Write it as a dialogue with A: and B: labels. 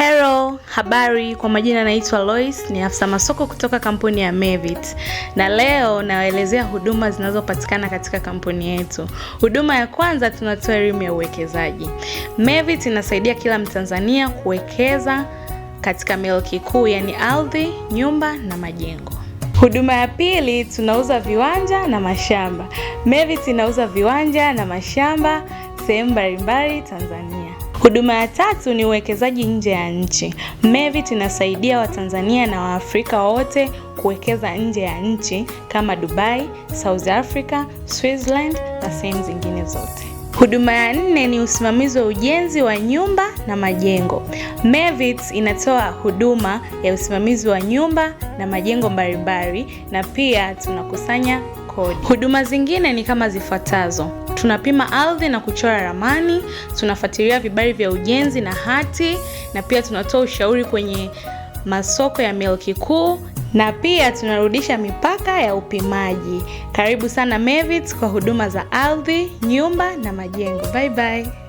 A: Hello, habari. Kwa majina naitwa Lois, ni afisa masoko kutoka kampuni ya Mevit, na leo nawaelezea huduma zinazopatikana katika kampuni yetu. Huduma ya kwanza, tunatoa elimu ya uwekezaji. Mevit inasaidia kila Mtanzania kuwekeza katika milki kuu, yaani ardhi, nyumba na majengo. Huduma ya pili, tunauza viwanja na mashamba. Mevit inauza viwanja na mashamba sehemu mbalimbali Tanzania. Huduma ya tatu ni uwekezaji nje ya nchi. MEVIT inasaidia Watanzania na Waafrika wote kuwekeza nje ya nchi kama Dubai, South Africa, Switzerland na sehemu zingine zote. Huduma ya nne ni usimamizi wa ujenzi wa nyumba na majengo. MEVIT inatoa huduma ya usimamizi wa nyumba na majengo mbalimbali na pia tunakusanya kodi. Huduma zingine ni kama zifuatazo: Tunapima ardhi na kuchora ramani, tunafuatilia vibali vya ujenzi na hati, na pia tunatoa ushauri kwenye masoko ya milki kuu na pia tunarudisha mipaka ya upimaji. Karibu sana mevit kwa huduma za ardhi, nyumba na majengo. Bye bye.